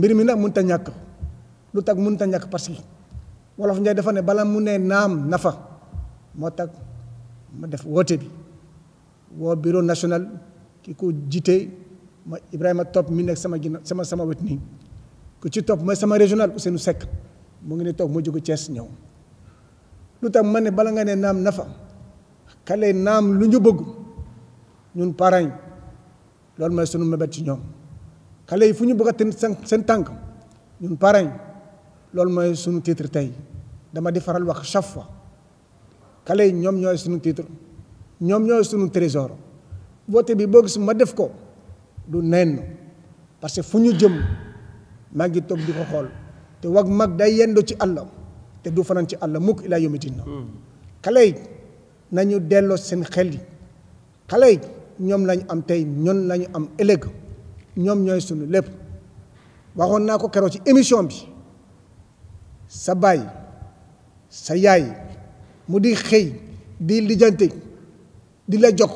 mbir mi muntanya, munta ñak lu tax munta ñak parce que wolof ñay dafa ne bala mu ne naam nafa motak tak, ma def wote bi wo bureau national ki ko jité ma ibrahima top mi nek sama gina sama sama wet ni ku ci top ma sama régional senu sek mo ngi ne top mo jogu ñew lu tak ma ne bala nga ne naam nafa kale nam lu ñu bëgg ñun parañ lool ma sunu mebet ci ñom xale yi fu ñu bëgg a ten seen tànk ñun parrain loolu mooy suñu titre tey dama di faral wax chaque fois xale yi ñoom ñooy suñu titre ñoom ñooy suñu trésor vote bi boo gis ma def ko du nenn parce que fu ñu jëm maa ngi toog di ko xool te wag mag day yendo ci àll te du fanaan ci àll mukk ilaa yawmi diin hmm. xale yi nañu delloo seen xel yi xale yi ñoom lañu am tey ñoom lañu am ëllëg ñoom ñooy sunu lépp waxoon naa ko keroog ci émission bi sa baay sa yaay mu di xëy di lijjante di la jox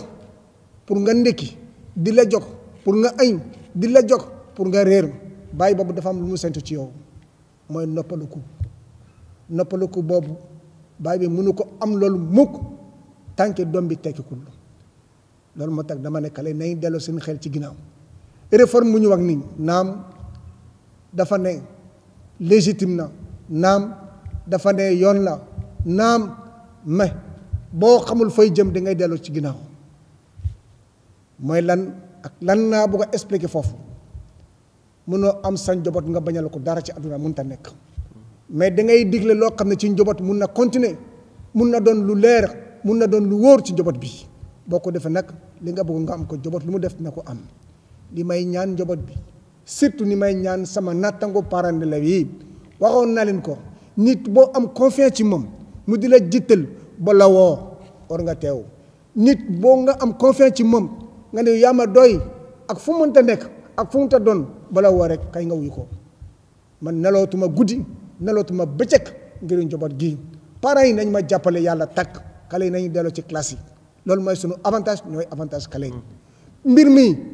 pour nga ndékki di la jox pour nga añ di la jox pour nga réer bàyyi boobu dafa am lu mu sentu ci yow mooy noppaluku noppaluku boobu baay bi mënu ko am loolu mukk tànke doom bi tekkikul loolu moo tax dama ne xale nañ delloo seen xel ci ginnaaw réforme mu ñu wax nii naam dafa ne légitime na naam dafa ne yoon la naam mais boo xamul fooy jëm da ngay delloo ci ginnaaw mooy lan ak lan naa bëgg a expliquer foofu mënoo am sa nga bañal ko dara ci àdduna mënut a nekk mais da ngay digle loo xam ne ci njaboot mun na continuer mun na doon lu leer mun na doon lu wóor ci njaboot bi boo ko defee nag li nga bëgg nga am ko njaboot lu mu def na ko am. li may ñaan njaboot bi surtout ni may ñaan sama nattango parents d'élèves yi waxoon na leen ko nit boo am confiance ci moom mu di la jittal ba la woo war nga teew nit boo nga am confiance ci moom nga ne yaa ma doy ak fu nekk ak fu mu mënta doon ba woo rek kay nga wuyu ko man nelootuma guddi nelootuma bëccëg ngir njobot gi parents yi nañ ma jàppale yàlla takk kale yi nañu delloo ci classe yi loolu mooy sunu avantage ñooy avantage xale yi mm. mbir mi.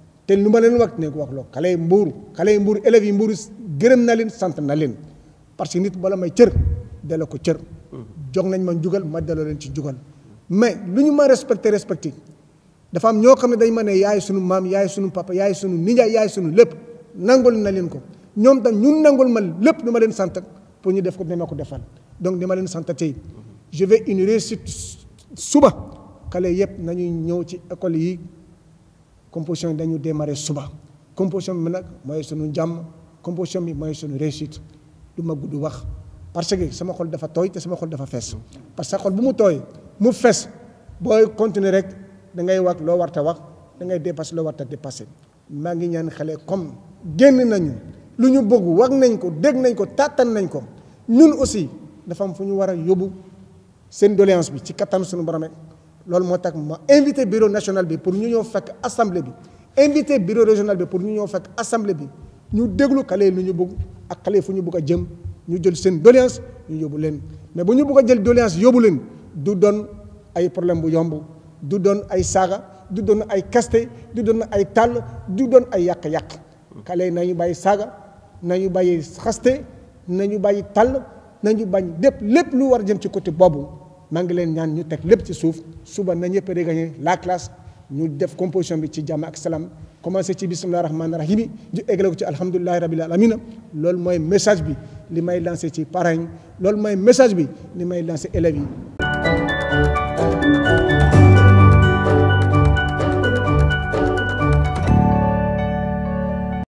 te lu ma leen wax ne ko wax loo xale yi mbuur xale yi mbuur élèves yi na leen sant na leen parce que nit bala may cër delloo ko cër jox nañ ma jugal ma delloo leen ci jugal mais lu ñu ma respecté respecté dafa am ñoo xam ne dañ ma ne yaay sunu maam yaay sunu papa yaay sunu nijaay yaay sunu lépp nangul na leen ko ñoom tam ñun nangul ma lépp lu ma leen sant pour ñu def ko dama ko defal donc dama leen sant tey je vais une réussite suba kale yëpp nañuy ñëw ci école yi composition dañu démarrer suba composition bi nag mooy sunu jàmm composition bi mooy sunu réussite du ma gudd wax parce que sama xol dafa tooy te sama xol dafa fees parce que xol bu mu tooy mu fees booy continuer rek da ngay wax loo warta wax da ngay dépasser loo warta dépasser maa ngi ñaan xale comme génn nañu lu ñu bëgg wax nañ ko dégg nañ ko tàttan nañ ko ñun aussi dafa am fu ñu war a yóbbu seen doléance bi ci kattan sunu borom lol ma invité bureau national pour ñu ñoo fekk assemblée bi invité bureau régional pour ñu ñoo fekk assemblée bi ñu déglu xale lu ñu bëgg ak fu ñu bëgg jëm ñu jël doléance ñu mais bu ñu bëgg jël doléance du ay problème bu yomb du ay saga, du ay du ay tal, du ay yak yak. nañu saga nañu nañu tal nañu bañ dépp lépp lu war jëm ci côté maa ngi leen ñaan ñu teg ci souf suba na ñëpp regagné la classe ñu def composition bi ci jàmm ak salaam commencé ci rahman rahmaani rahim yi ñu ko ci alhamdulilahi rabil alamin loolu moy message bi li may lancer ci parents yi moy message bi li may lancer élève